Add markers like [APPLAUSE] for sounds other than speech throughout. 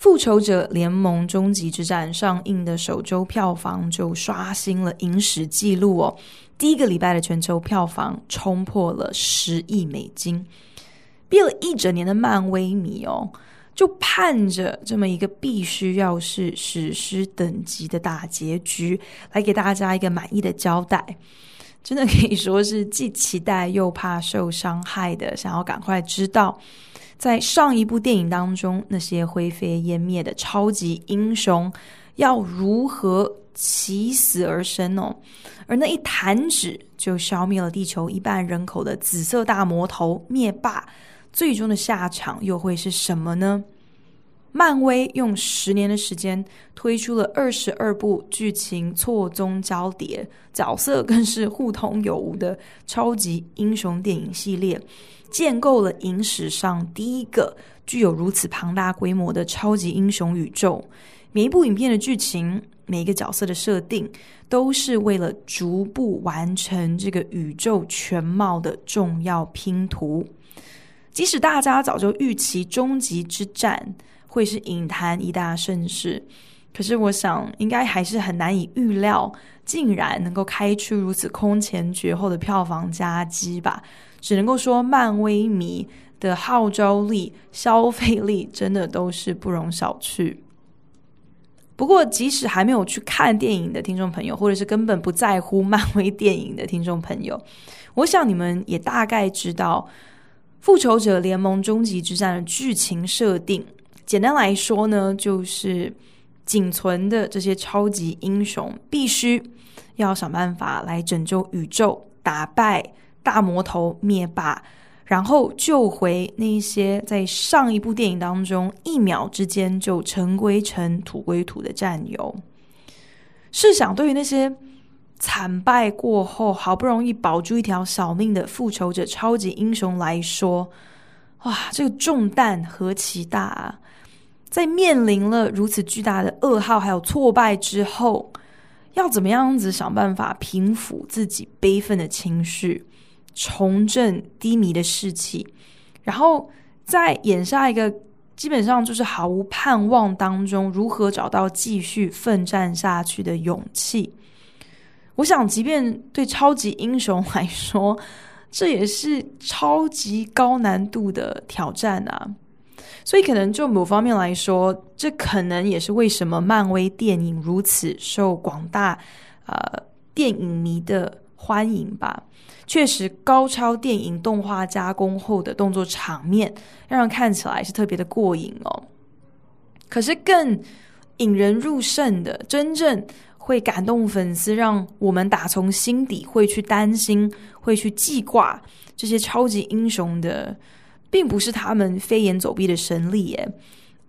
《復仇者聯盟：終極之戰》上映的首周票房就刷新了影史記錄哦！第一個禮拜的全球票房衝破了十億美金。憋了一整年的漫威迷哦，就盼着這麼一個必須要是史詩等級的大結局，來給大家一個滿意的交代。真的可以說是既期待又怕受傷害的，想要趕快知道。在上一部電影當中，那些灰飛煙滅的超級英雄，要如何起死而生呢、哦？而那一彈指就消滅了地球一半人口的紫色大魔頭滅霸，最終的下場又會是什麼呢？漫威用十年的時間推出了二十二部劇情錯綜交疊、角色更是互通有無的超級英雄電影系列。建構了影史上第一個具有如此龐大規模的超級英雄宇宙，每一部影片的劇情，每一個角色的設定，都是為了逐步完成這個宇宙全貌的重要拼圖。即使大家早就預期《終極之戰》會是影壇一大盛事，可是我想，應該還是很難以預料，竟然能夠開出如此空前絕後的票房佳績吧。只能夠說，漫威迷的號召力、消費力真的都是不容小覷。不過，即使還沒有去看電影的聽眾朋友，或者是根本不在乎漫威電影的聽眾朋友，我想你們也大概知道，《復仇者聯盟：終極之戰》的劇情設定。簡單來說呢，就是僅存的這些超級英雄，必須要想辦法來拯救宇宙，打敗。大魔頭滅霸，然後救回那些在上一部電影當中一秒之間就塵歸塵土歸土的戰友。試想，對於那些慘敗過後好不容易保住一條小命的復仇者超級英雄來說，哇，這個重擔何其大啊！在面臨了如此巨大的噩耗還有挫敗之後，要怎麼樣子想辦法平復自己悲憤的情緒？重振低迷的士氣，然後在眼下一個基本上就是毫無盼望當中，如何找到繼續奮戰下去的勇氣？我想，即便對超級英雄來說，這也是超級高難度的挑戰啊！所以，可能就某方面來說，這可能也是為什麼漫威電影如此受廣大呃電影迷的。歡迎吧！確實，高超電影動畫加工後的動作場面，讓人看起來是特別的過癮哦。可是，更引人入勝的、真正會感動粉絲、讓我們打從心底會去擔心、會去記掛這些超級英雄的，並不是他們飛檐走壁的神力耶，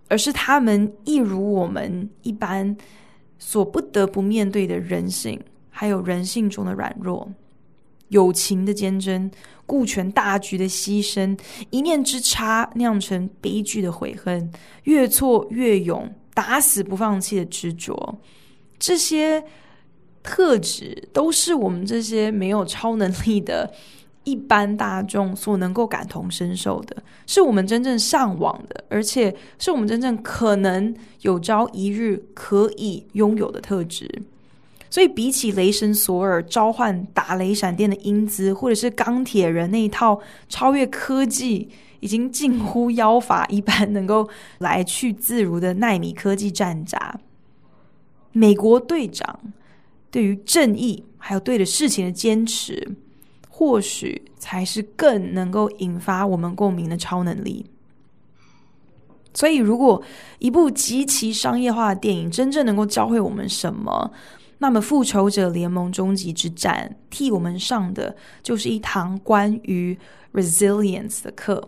而是他們一如我們一般所不得不面對的人性。還有人性中的軟弱、友情的堅貞、顧全大局的犧牲、一念之差釀成悲劇的悔恨、越挫越勇、打死不放棄的執着，這些特質都是我們這些沒有超能力的一般大眾所能夠感同身受的，是我們真正向往的，而且是我們真正可能有朝一日可以擁有的特質。所以，比起雷神索爾召喚打雷閃電的英姿，或者是鋼鐵人那一套超越科技、已經近乎妖法一般能夠來去自如的奈米科技戰甲，美國隊長對於正義還有對的事情的堅持，或許才是更能夠引發我們共鳴的超能力。所以，如果一部極其商業化的電影真正能夠教會我們什麼？那麼，《復仇者聯盟：終極之戰》替我們上的就是一堂關於 resilience 的課。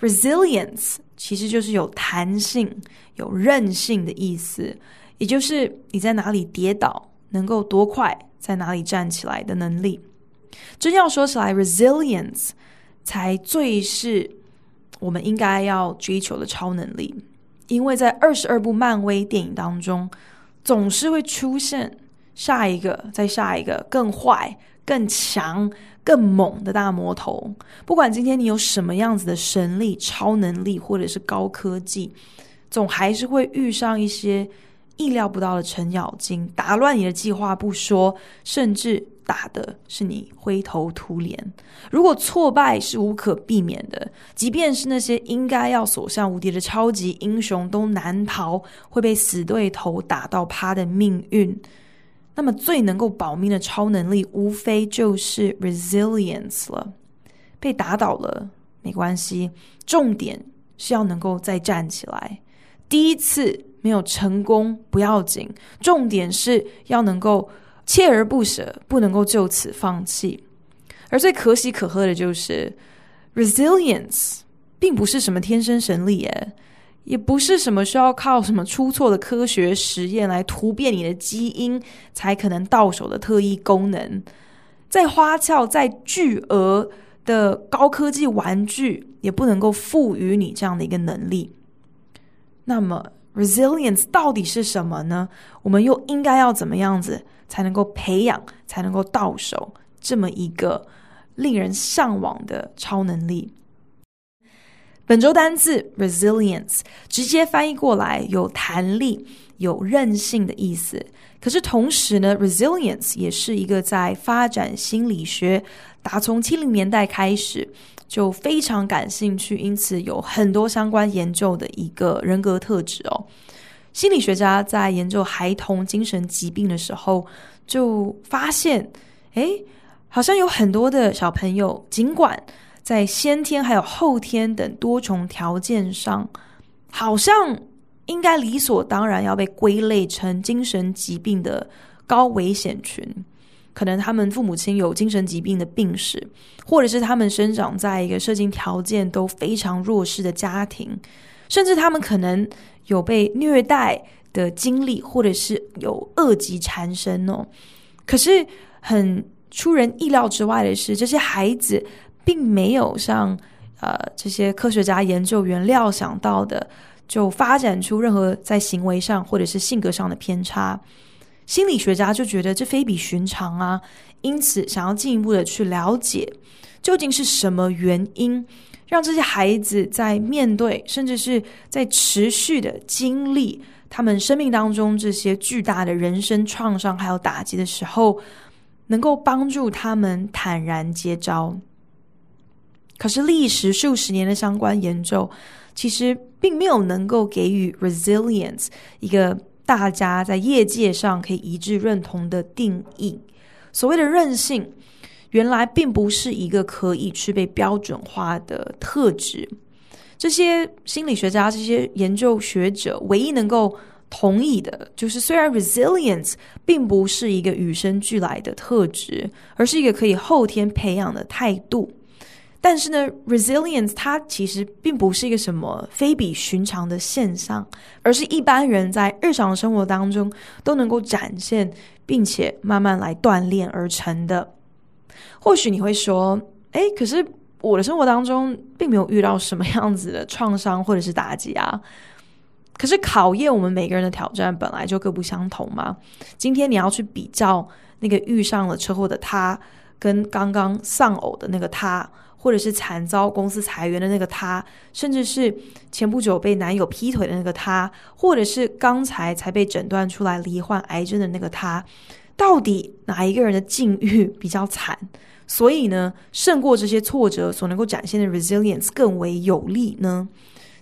resilience 其實就是有彈性、有韌性的意思，也就是你在哪裡跌倒，能夠多快在哪裡站起來的能力。真要說起來，resilience 才最是我們應該要追求的超能力，因為在二十二部漫威電影當中，總是會出現下一個，再下一個更壞、更強、更猛的大魔頭。不管今天你有什麼樣子的神力、超能力，或者是高科技，總還是會遇上一些意料不到的程咬金，打亂你的計劃不說，甚至。.打的是你灰頭土臉。如果挫敗是無可避免的，即便是那些應該要所向無敵的超級英雄，都難逃會被死對頭打到趴的命運。那麼，最能夠保命的超能力，無非就是 resilience 了。被打倒了沒關係，重點是要能夠再站起來。第一次沒有成功不要緊，重點是要能夠。鍥而不捨，不能夠就此放棄。而最可喜可賀的就是 resilience 並不是什麼天生神力，哎，也不是什麼需要靠什麼出錯的科學實驗來突變你的基因才可能到手的特異功能。再花俏、再巨額的高科技玩具也不能夠賦予你這樣的一個能力。那麼 resilience 到底是什麼呢？我們又應該要怎麼樣子？才能夠培養，才能夠到手這麼一個令人嚮往的超能力。本周單字 resilience，直接翻譯過來有彈力、有韌性的意思。可是同時呢，resilience 也是一個在發展心理學打從七零年代開始就非常感興趣，因此有很多相關研究的一個人格特質哦。心理學家在研究孩童精神疾病的時候，就發現，哎，好像有很多的小朋友，儘管在先天還有後天等多重條件上，好像應該理所當然要被歸類成精神疾病的高危險群。可能他們父母親有精神疾病的病史，或者是他們生長在一個社經條件都非常弱勢的家庭，甚至他們可能。有被虐待的經歷，或者是有惡疾纏身哦。可是很出人意料之外的是，這些孩子並沒有像呃這些科學家研究員料想到的，就發展出任何在行為上或者是性格上的偏差。心理學家就覺得這非比尋常啊，因此想要進一步的去了解究竟是什麼原因。讓這些孩子在面對，甚至是在持續的經歷他們生命當中這些巨大的人生創傷還有打擊的時候，能夠幫助他們坦然接招。可是，歷時數十年的相關研究，其實並沒有能夠給予 resilience 一個大家在業界上可以一致認同的定義。所謂的韌性，原來並不是一個可以去被標準化的特質。這些心理學家、這些研究學者，唯一能夠同意的就是，雖然 resilience 並不是一個與生俱來的特質，而是一個可以後天培養的態度。但是呢，resilience 它其實並不是一個什麼非比尋常的現象，而是一般人在日常生活當中都能夠展現，並且慢慢來鍛鍊而成的。或許你會說：“誒、欸，可是我的生活當中並沒有遇到什麼樣子的創傷或者是打擊啊。”可是考驗我們每個人的挑戰本來就各不相同嘛。今天你要去比較那個遇上了車禍的他，跟剛剛喪偶的那個他，或者是慘遭公司裁員的那個他，甚至是前不久被男友劈腿的那個他，或者是剛才才被診斷出來罹患癌症的那個他。到底哪一個人的境遇比較慘？所以呢，勝過這些挫折所能夠展現的 resilience 更為有利呢？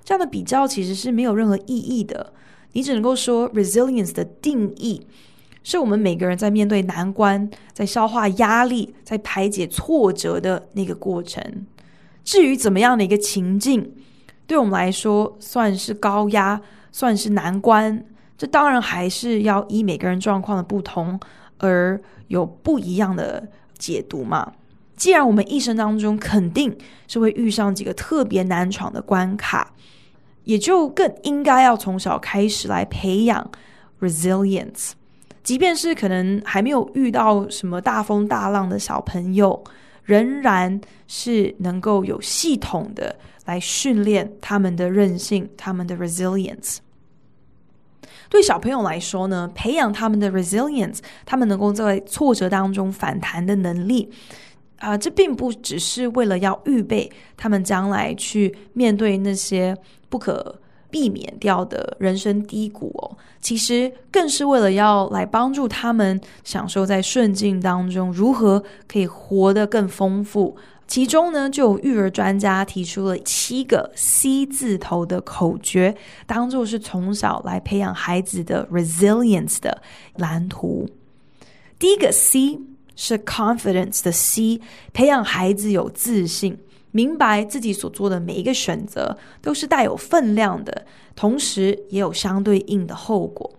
這樣的比較其實是沒有任何意義的。你只能夠說 resilience 的定義是我們每個人在面對難關、在消化壓力、在排解挫折的那個過程。至於怎麼樣的一個情境對我們來說算是高壓、算是難關，這當然還是要依每個人狀況的不同。而有不一樣的解讀嘛。既然我們一生當中肯定是會遇上幾個特別難闖的關卡，也就更應該要從小開始來培養 resilience。即便是可能還沒有遇到什麼大風大浪的小朋友，仍然是能夠有系統的來訓練他們的韌性，他們的 resilience。對小朋友來說呢，培養他們的 resilience，他們能夠在挫折當中反彈的能力，啊、呃，這並不只是為了要預備他們將來去面對那些不可避免掉的人生低谷哦，其實更是為了要來幫助他們享受在順境當中如何可以活得更豐富。其中呢，就有育兒專家提出了七個 C 字頭的口訣，當做是從小來培養孩子的 resilience 的藍圖。第一個 C 是 confidence 的 C，培養孩子有自信，明白自己所做的每一個選擇都是帶有分量的，同時也有相對應的後果。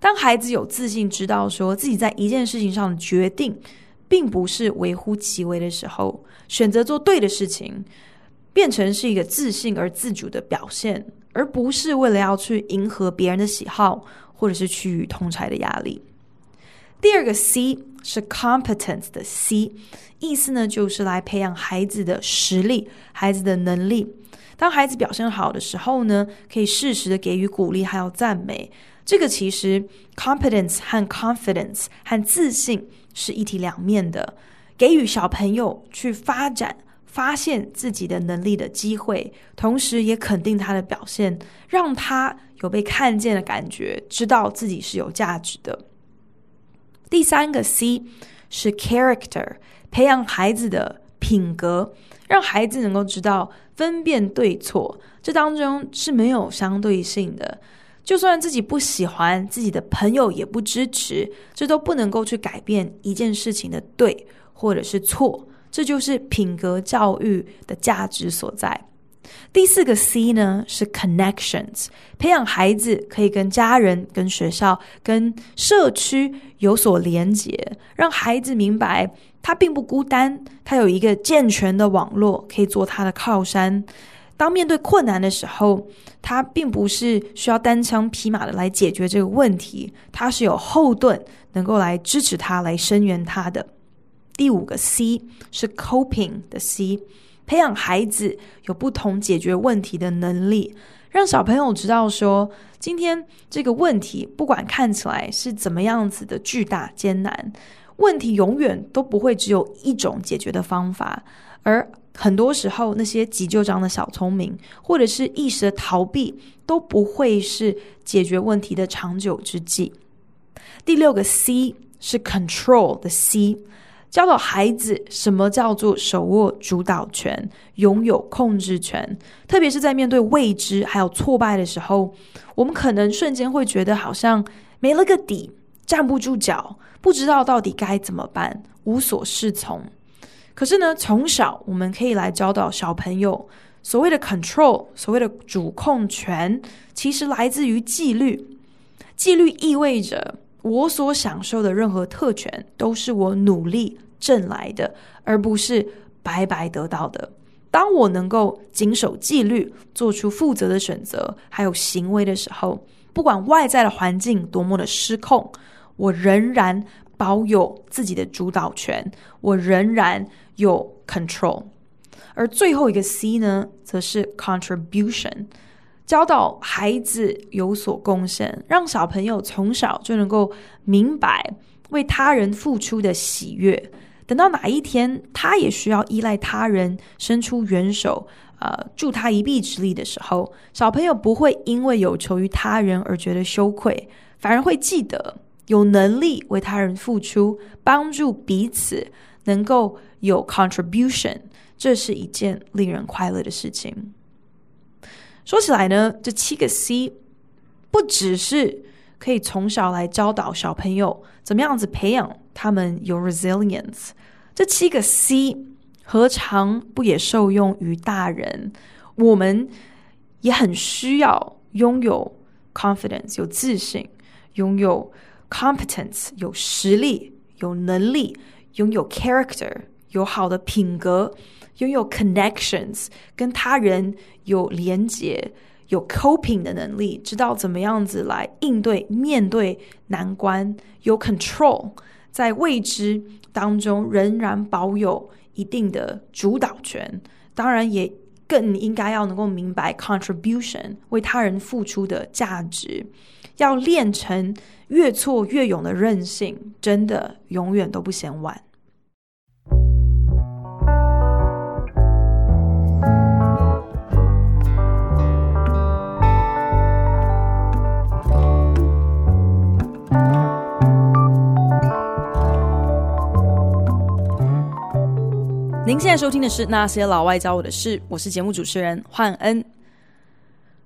當孩子有自信，知道說自己在一件事情上的決定，並不是微乎其微的時候，選擇做對的事情，變成是一個自信而自主的表現，而不是為了要去迎合別人的喜好，或者是趨於同儕的壓力。第二個 C 是 competence 的 C，意思呢就是來培養孩子的實力、孩子的能力。當孩子表現好的時候呢，可以適時的給予鼓勵還有讚美。這個其實 competence 和 confidence 和自信，是一體兩面的，給予小朋友去發展、發現自己的能力的機會，同時也肯定他的表現，讓他有被看見的感覺，知道自己是有價值的。第三個 C 是 character，培養孩子的品格，讓孩子能夠知道分辨對錯，這當中是沒有相對性的。就算自己不喜歡，自己的朋友也不支持，這都不能夠去改變一件事情的對或者是錯。這就是品格教育的價值所在。第四個 C 呢，是 connections，培養孩子可以跟家人、跟學校、跟社區有所連結，讓孩子明白他並不孤單，他有一個健全的網絡可以做他的靠山。當面對困難的時候，他並不是需要單槍匹馬的來解決這個問題，他是有後盾能夠來支持他、來聲援他的。第五個 C 是 coping 的 C，培養孩子有不同解決問題的能力，讓小朋友知道說，今天這個問題不管看起來是怎麼樣子的巨大艱難，問題永遠都不會只有一種解決的方法，而。很多時候，那些急就章的小聰明，或者是一時的逃避，都不會是解決問題的長久之計。第六個 C 是 control 的 C，教導孩子什麼叫做手握主導權，擁有控制權。特別是在面對未知還有挫敗的時候，我們可能瞬間會覺得好像沒了個底，站不住腳，不知道到底該怎麼辦，無所適從。可是呢，從小我們可以來教導小朋友，所謂的 control，所謂的主控權，其實來自於紀律。紀律意味着我所享受的任何特權都是我努力掙來的，而不是白白得到的。當我能夠謹守紀律，做出負責的選擇還有行為的時候，不管外在的環境多麼的失控，我仍然保有自己的主導權，我仍然有 control。而最後一個 C 呢，則是 contribution，教導孩子有所貢獻，讓小朋友從小就能夠明白為他人付出的喜悅。等到哪一天他也需要依賴他人，伸出援手，呃，助他一臂之力的時候，小朋友不會因為有求於他人而覺得羞愧，反而會記得。有能力為他人付出，幫助彼此，能夠有 contribution，這是一件令人快樂的事情。說起來呢，這七個 C 不只是可以從小來教導小朋友，怎麼樣子培養他們有 resilience。這七個 C 何嘗不也受用於大人？我們也很需要擁有 confidence，有自信，擁有。competence 有實力、有能力，擁有 character 有好的品格，擁有 connections 跟他人有連結，有 coping 的能力，知道怎麼樣子來應對面對難關，有 control 在未知當中仍然保有一定的主導權。當然，也更應該要能夠明白 contribution 為他人付出的價值，要練成，越挫越勇的韌性，真的永遠都不嫌晚。您現在收聽的是《那些老外教我的事》，我是節目主持人煥恩。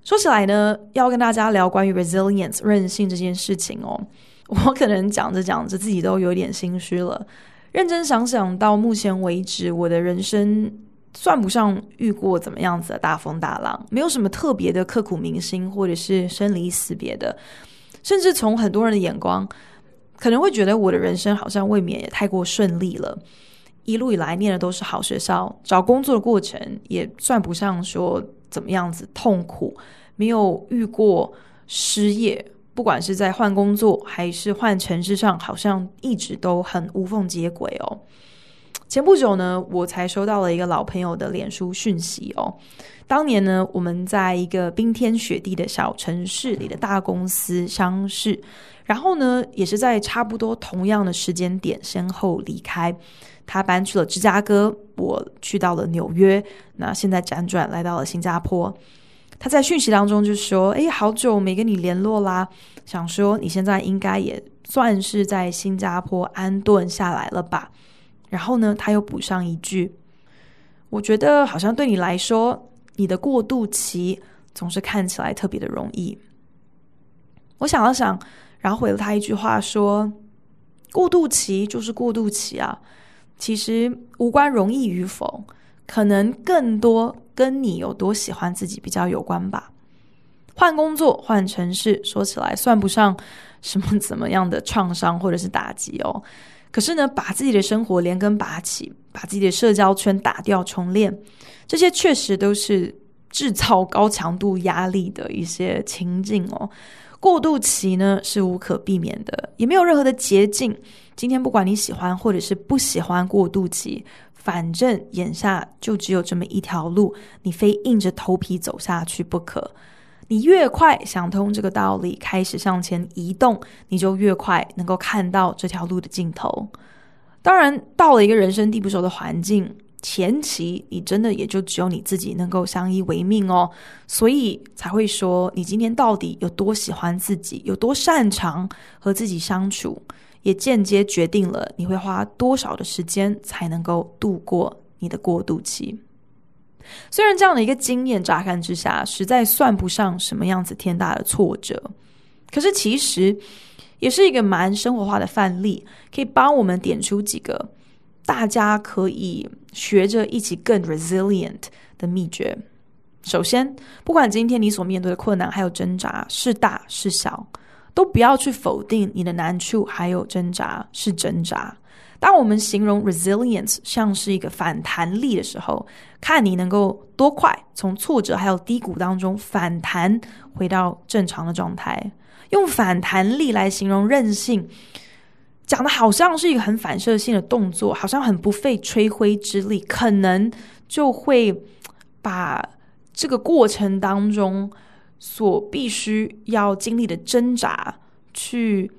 說起來呢，要跟大家聊關於 resilience 韌性這件事情哦。我可能講着講着，自己都有點心虛了。認真想想，到目前為止，我的人生算不上遇過怎麼樣子的大風大浪，沒有什麼特別的刻骨銘心，或者是生離死別的。甚至從很多人的眼光，可能會覺得我的人生好像未免也太過順利了。一路以來念的都是好學校，找工作的過程也算不上說。怎麼樣子痛苦？沒有遇過失業，不管是在換工作還是換城市上，好像一直都很無縫接軌哦。前不久呢，我才收到了一個老朋友的臉書訊息哦。當年呢，我們在一個冰天雪地的小城市裡的大公司相識，然後呢，也是在差不多同樣的時間點先後離開。他搬去了芝加哥，我去到了紐約，那現在輾轉來到了新加坡。他在訊息當中就說：“哎，好久沒跟你聯絡啦，想說你現在應該也算是在新加坡安頓下來了吧？”然後呢，他又補上一句：“我覺得好像對你來說，你的過渡期總是看起來特別的容易。”我想了想，然後回了他一句話說：“過渡期就是過渡期啊。”其實無關容易與否，可能更多跟你有多喜歡自己比較有關吧。換工作、換城市，說起來算不上什麼怎麼樣的創傷或者是打擊哦。可是呢，把自己的生活連根拔起，把自己的社交圈打掉重練，這些確實都是制造高強度壓力的一些情境哦。過渡期呢，是無可避免的，也沒有任何的捷徑。今天不管你喜歡或者是不喜歡過渡期，反正眼下就只有這麼一條路，你非硬着頭皮走下去不可。你越快想通這個道理，開始向前移動，你就越快能夠看到這條路的盡頭。當然，到了一個人生地不熟的環境，前期你真的也就只有你自己能夠相依為命哦，所以才會說你今天到底有多喜歡自己，有多擅長和自己相處。也間接決定了你會花多少的時間才能夠度過你的過渡期。雖然這樣的一個經驗乍看之下，實在算不上什麼樣子天大的挫折，可是其實也是一個蠻生活化的範例，可以幫我們點出幾個大家可以學着一起更 resilient 的秘訣。首先，不管今天你所面對的困難還有掙扎，是大是小。都不要去否定你的難處，還有掙扎是掙扎。當我們形容 resilience 像是一個反彈力的時候，看你能夠多快從挫折還有低谷當中反彈回到正常的狀態。用反彈力來形容韌性，講的好像是一個很反射性的動作，好像很不費吹灰之力，可能就會把這個過程當中。所必須要經歷的掙扎，去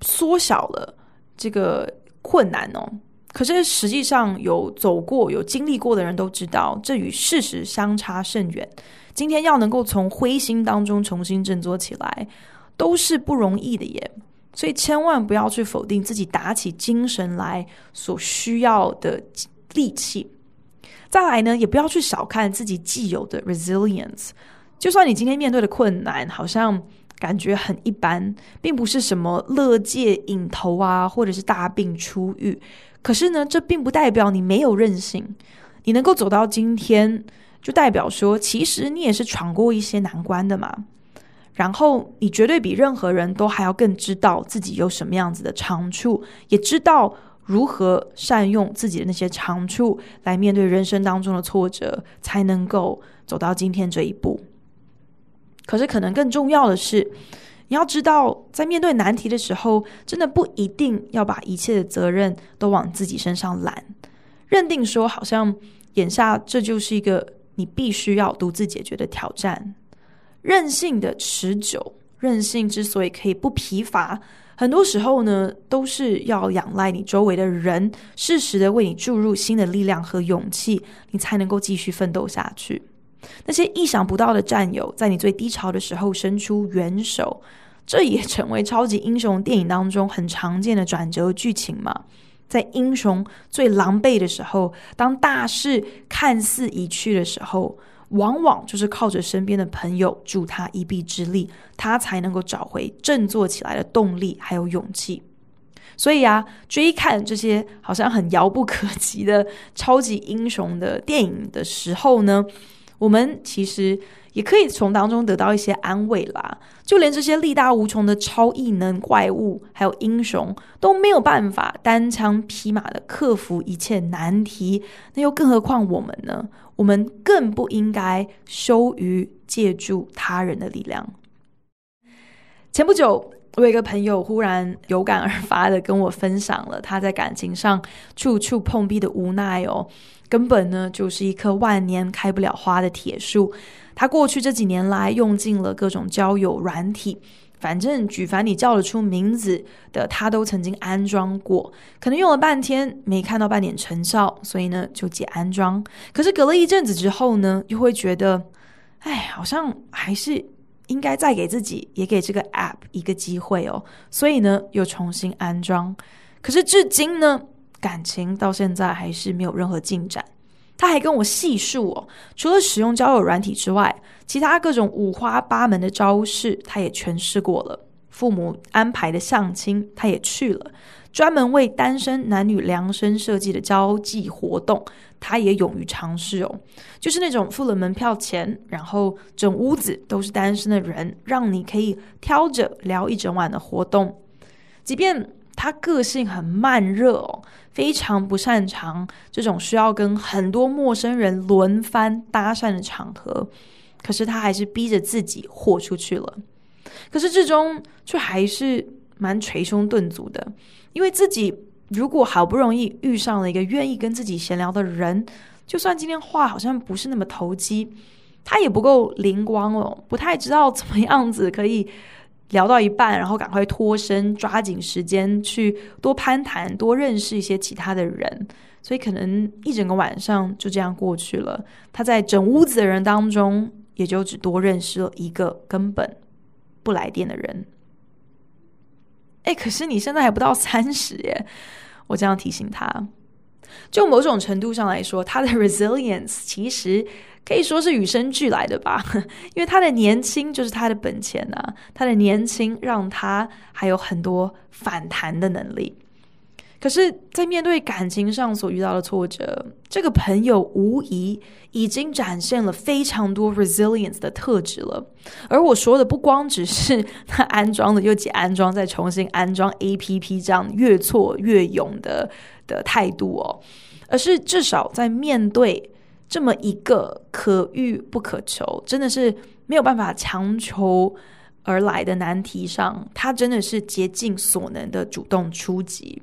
縮小了這個困難哦。可是實際上，有走過、有經歷過的人都知道，這與事實相差甚遠。今天要能夠從灰心當中重新振作起來，都是不容易的耶。所以千萬不要去否定自己打起精神來所需要的力氣。再來呢，也不要去小看自己既有的 resilience。就算你今天面對的困難好像感覺很一般，並不是什麼樂界影頭啊，或者是大病初癒，可是呢，這並不代表你沒有韌性。你能夠走到今天，就代表說，其實你也是闖過一些難關的嘛。然後，你絕對比任何人都還要更知道自己有什麼樣子的長處，也知道如何善用自己的那些長處來面對人生當中的挫折，才能夠走到今天這一步。可是，可能更重要的是，你要知道，在面對難題的時候，真的不一定要把一切的責任都往自己身上攬，認定說好像眼下這就是一個你必須要獨自解決的挑戰。韌性的持久，韌性之所以可以不疲乏，很多時候呢，都是要仰賴你周圍的人，適時的為你注入新的力量和勇氣，你才能夠繼續奮鬥下去。那些意想不到的戰友，在你最低潮的時候伸出援手，這也成為超級英雄電影當中很常見的轉折劇情嘛。在英雄最狼狽的時候，當大勢看似已去的時候，往往就是靠着身邊的朋友助他一臂之力，他才能夠找回振作起來的動力還有勇氣。所以啊，追看這些好像很遙不可及的超級英雄的電影的時候呢，我們其實也可以從當中得到一些安慰啦。就連這些力大無窮的超異能怪物，還有英雄，都沒有辦法單槍匹馬的克服一切難題。那又更何況我們呢？我們更不應該羞於借助他人的力量。前不久。我有一個朋友，忽然有感而發的跟我分享了他在感情上處處碰壁的無奈哦，根本呢就是一棵萬年開不了花的鐵樹。他過去這幾年來用盡了各種交友軟體，反正舉凡你叫得出名字的，他都曾經安裝過。可能用了半天沒看到半點成效，所以呢就解安裝。可是隔了一陣子之後呢，又會覺得，哎，好像還是。應該再給自己也給這個 App 一個機會哦，所以呢又重新安裝。可是至今呢，感情到現在還是沒有任何進展。他還跟我細數哦，除了使用交友軟體之外，其他各種五花八門的招式他也全試過了。父母安排的相親，他也去了；專門為單身男女量身設計的交際活動，他也勇於嘗試哦，就是那種付了門票錢，然後整屋子都是單身的人，讓你可以挑着聊一整晚的活動。即便他個性很慢熱哦，非常不擅長這種需要跟很多陌生人輪番搭訕的場合，可是他還是逼着自己豁出去了。可是最終卻還是蠻捶胸頓足的，因為自己如果好不容易遇上了一個願意跟自己閒聊的人，就算今天話好像不是那麼投機，他也不夠靈光哦，不太知道怎麼樣子可以聊到一半，然後趕快脫身，抓緊時間去多攀談，多認識一些其他的人。所以可能一整個晚上就這樣過去了，他在整屋子的人當中，也就只多認識了一個根本不來電的人，哎、欸，可是你現在還不到三十耶？我這樣提醒他。就某種程度上來說，他的 resilience 其實可以說是與生俱來的吧， [LAUGHS] 因為他的年輕就是他的本錢啊，他的年輕讓他還有很多反彈的能力。可是，在面對感情上所遇到的挫折，這個朋友無疑已經展現了非常多 resilience 的特質了。而我說的不光只是他安裝了又解安裝再重新安裝 APP 這樣越挫越勇的的態度哦，而是至少在面對這麼一個可遇不可求，真的是沒有辦法強求而來的難題上，他真的是竭盡所能的主動出擊。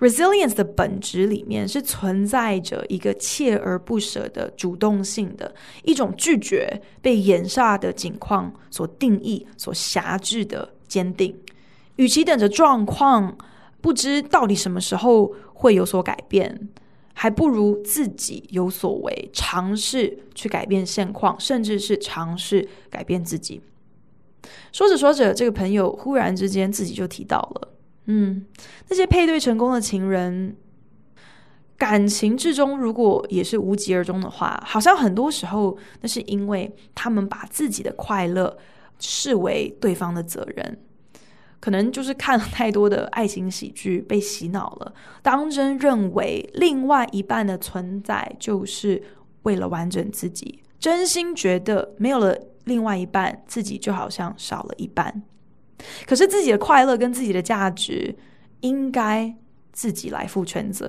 Resilience 的本質裡面是存在着一個鍥而不捨的主動性的一種拒絕被眼下的情況所定義、所轄制的堅定。與其等着狀況不知到底什麼時候會有所改變，還不如自己有所為，嘗試去改變現況，甚至是嘗試改變自己。說着說着，這個朋友忽然之間自己就提到了。嗯，那些配對成功的情人，感情之中如果也是無疾而終的話，好像很多時候，那是因為他們把自己的快樂視為對方的責任，可能就是看了太多的愛情喜劇，被洗腦了，當真認為另外一半的存在就是為了完整自己，真心覺得沒有了另外一半，自己就好像少了一半。可是自己的快樂跟自己的價值，應該自己來負全責。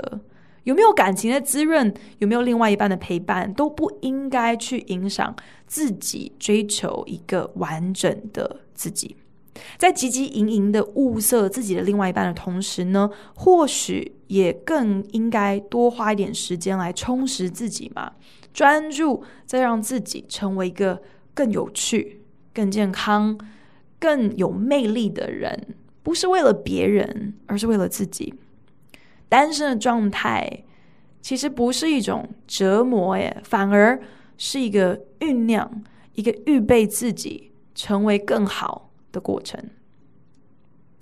有沒有感情的滋潤，有沒有另外一半的陪伴，都不應該去影響自己追求一個完整的自己。在汲汲營營的物色自己的另外一半的同時呢，或許也更應該多花一點時間來充實自己嘛，專注在讓自己成為一個更有趣、更健康更有魅力的人，不是為了別人，而是為了自己。單身的狀態其實不是一種折磨，誒，反而是一個醞釀、一個預備自己成為更好的過程。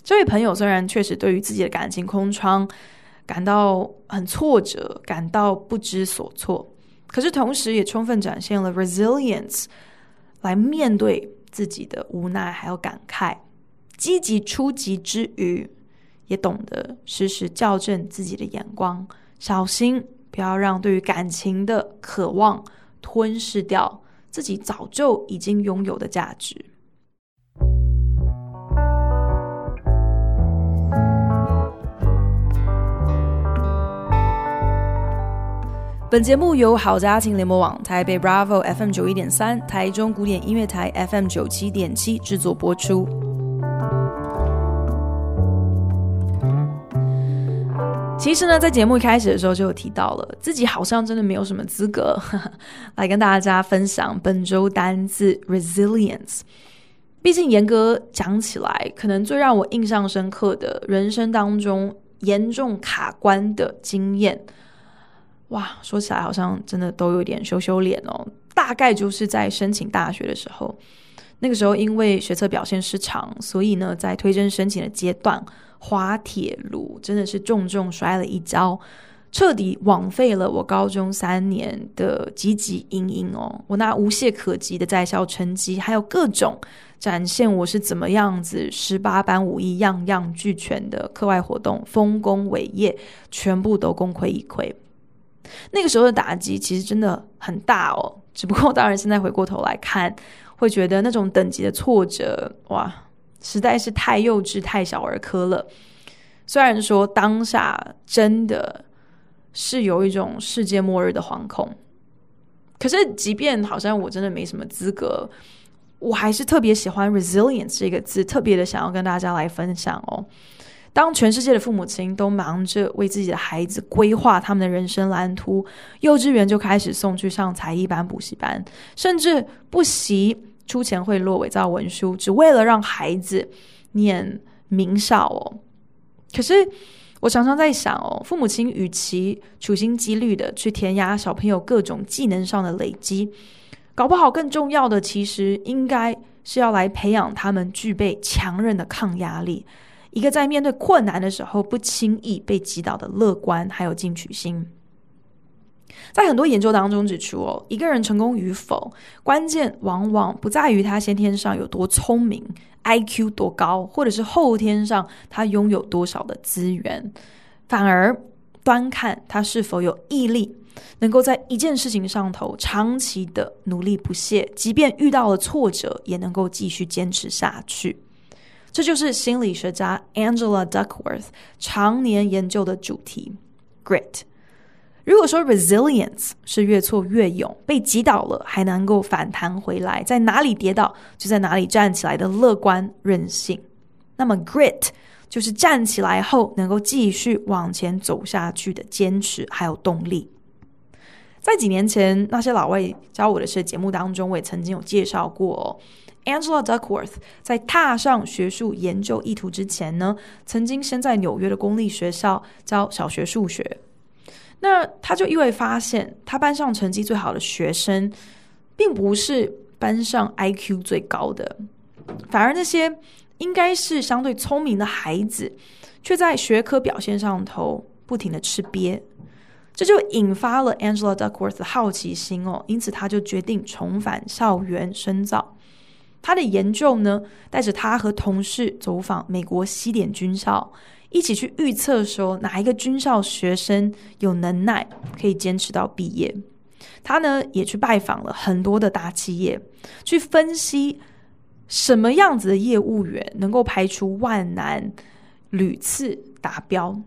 這位朋友雖然確實對於自己的感情空窗感到很挫折，感到不知所措，可是同時也充分展現了 resilience 來面對。自己的無奈，還有感慨，積極出擊之餘，也懂得時時校正自己的眼光，小心不要讓對於感情的渴望吞噬掉自己早就已經擁有的價值。本節目由好家庭聯播網、台北 Bravo FM 九一點三、台中古典音樂台 FM 九七點七製作播出。其實呢，在節目一開始的時候就有提到了，自己好像真的沒有什麼資格呵呵來跟大家分享本週單字 resilience。畢竟嚴格講起來，可能最讓我印象深刻的人生當中嚴重卡關的經驗。哇，說起來好像真的都有點羞羞臉哦。大概就是在申請大學的時候，那個時候因為學測表現失常，所以呢，在推甄申請的階段，滑鐵盧真的是重重摔了一跤，徹底枉費了我高中三年的汲汲營營哦。我那無懈可擊的在校成績，還有各種展現我是怎麼樣子十八般武藝樣樣俱全的課外活動豐功偉業，全部都功虧一簣。那個時候的打擊其實真的很大哦，只不過當然現在回過頭來看，會覺得那種等級的挫折，哇，實在是太幼稚、太小兒科了。雖然說當下真的是有一種世界末日的惶恐，可是即便好像我真的沒什麼資格，我還是特別喜歡 resilience 這個字，特別的想要跟大家來分享哦。當全世界的父母親都忙着為自己的孩子規劃他們的人生藍圖，幼稚園就開始送去上才藝班、補習班，甚至不惜出錢賄賂偽造文書，只為了讓孩子念名校哦。可是我常常在想哦，父母親與其處心積慮地去填鴨小朋友各種技能上的累積，搞不好更重要的其實應該是要來培養他們具備強韌的抗壓力。一個在面對困難的時候不輕易被擊倒的樂觀，還有進取心，在很多研究當中指出哦，一個人成功與否，關鍵往往不在於他先天上有多聰明，IQ 多高，或者是後天上他擁有多少的資源，反而端看他是否有毅力，能夠在一件事情上頭長期的努力不懈，即便遇到了挫折，也能夠繼續堅持下去。這就是心理學家 Angela Duckworth 常年研究的主題 ——grit。如果說 resilience 是越挫越勇，被擊倒了還能夠反彈回來，在哪裡跌倒就在哪裡站起來的樂觀韌性，那麼 grit 就是站起來後能夠繼續往前走下去的堅持還有動力。在幾年前，那些老外教我的事節目當中，我也曾經有介紹過。Angela Duckworth 在踏上學術研究意圖之前呢，曾經先在紐約的公立學校教小學數學。那他就意外發現，他班上成績最好的學生，並不是班上 IQ 最高的，反而那些應該是相對聰明的孩子，卻在學科表現上頭不停的吃癟。這就引發了 Angela Duckworth 的好奇心哦，因此他就決定重返校園深造。他的研究呢，帶着他和同事走訪美國西點軍校，一起去預測說時候，哪一個軍校學生有能耐可以堅持到畢業？他呢，也去拜訪了很多的大企業，去分析什麼樣子的業務員能夠排除萬難，屢次達標。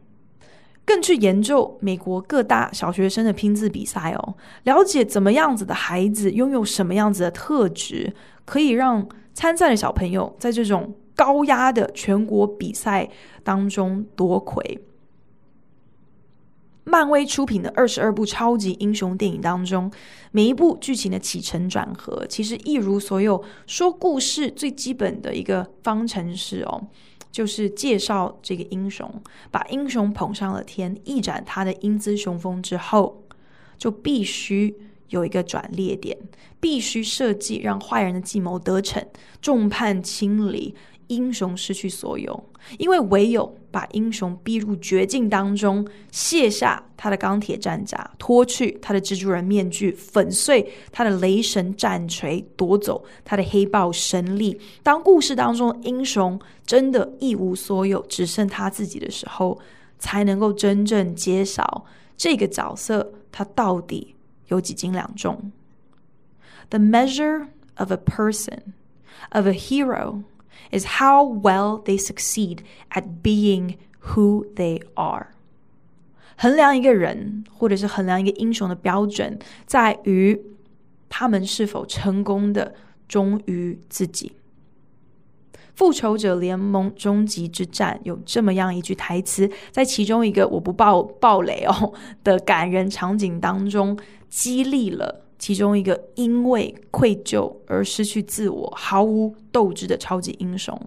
更去研究美國各大小學生的拼字比賽哦，了解怎麼樣子的孩子擁有什麼樣子的特質，可以讓參賽的小朋友在這種高壓的全國比賽當中奪魁。漫威出品的二十二部超級英雄電影當中，每一部劇情的起承轉合，其實一如所有說故事最基本的一個方程式哦。就是介紹這個英雄，把英雄捧上了天，一展他的英姿雄風之後，就必須有一個轉捩點，必須設計讓壞人的計謀得逞，眾叛親離。英雄失去所有，因為唯有把英雄逼入絕境當中，卸下他的鋼鐵戰甲，脫去他的蜘蛛人面具，粉碎他的雷神戰錘，奪走他的黑豹神力。當故事當中英雄真的一無所有，只剩他自己的時候，才能夠真正揭曉這個角色他到底有幾斤兩重。The measure of a person, of a hero. Is how well they succeed at being who they are. 衡量一個人，或者是衡量一個英雄的標準，在於他們是否成功的忠於自己。復仇者聯盟終極之戰有這麼樣一句台詞，在其中一個我不爆爆雷哦的感人場景當中，激勵了。其中一個因為愧疚而失去自我、毫無鬥志的超級英雄，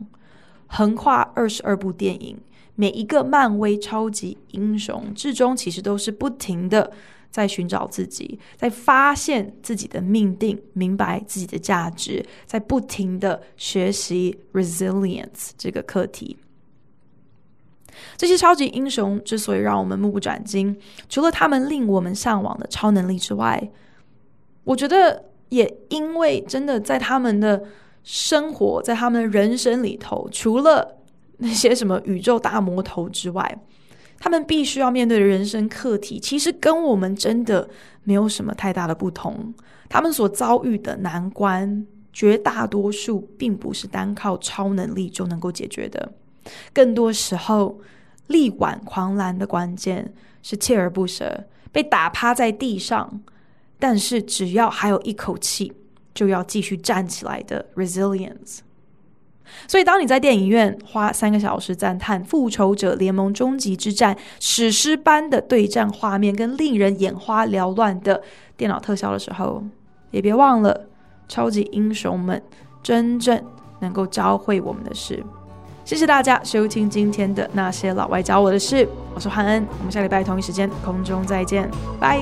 橫跨二十二部電影，每一個漫威超級英雄至終其實都是不停的在尋找自己，在發現自己的命定，明白自己的價值，在不停的學習 resilience 這個課題。這些超級英雄之所以讓我們目不轉睛，除了他們令我們嚮往的超能力之外，我覺得也因為真的，在他們的生活，在他們的人生裡頭，除了那些什麼宇宙大魔頭之外，他們必須要面對的人生課題，其實跟我們真的沒有什麼太大的不同。他們所遭遇的難關，絕大多數並不是單靠超能力就能夠解決的。更多時候，力挽狂瀾的關鍵是鍥而不捨，被打趴在地上，但是只要還有一口氣，就要繼續站起來的 resilience。所以，當你在電影院花三個小時讚嘆《復仇者聯盟：終極之戰》史詩般的對戰畫面跟令人眼花繚亂的電腦特效的時候，也別忘了超級英雄們真正能夠教會我們的事。謝謝大家收聽今天的那些老外教我的事，我是煥恩，我們下禮拜同一時間空中再見，拜。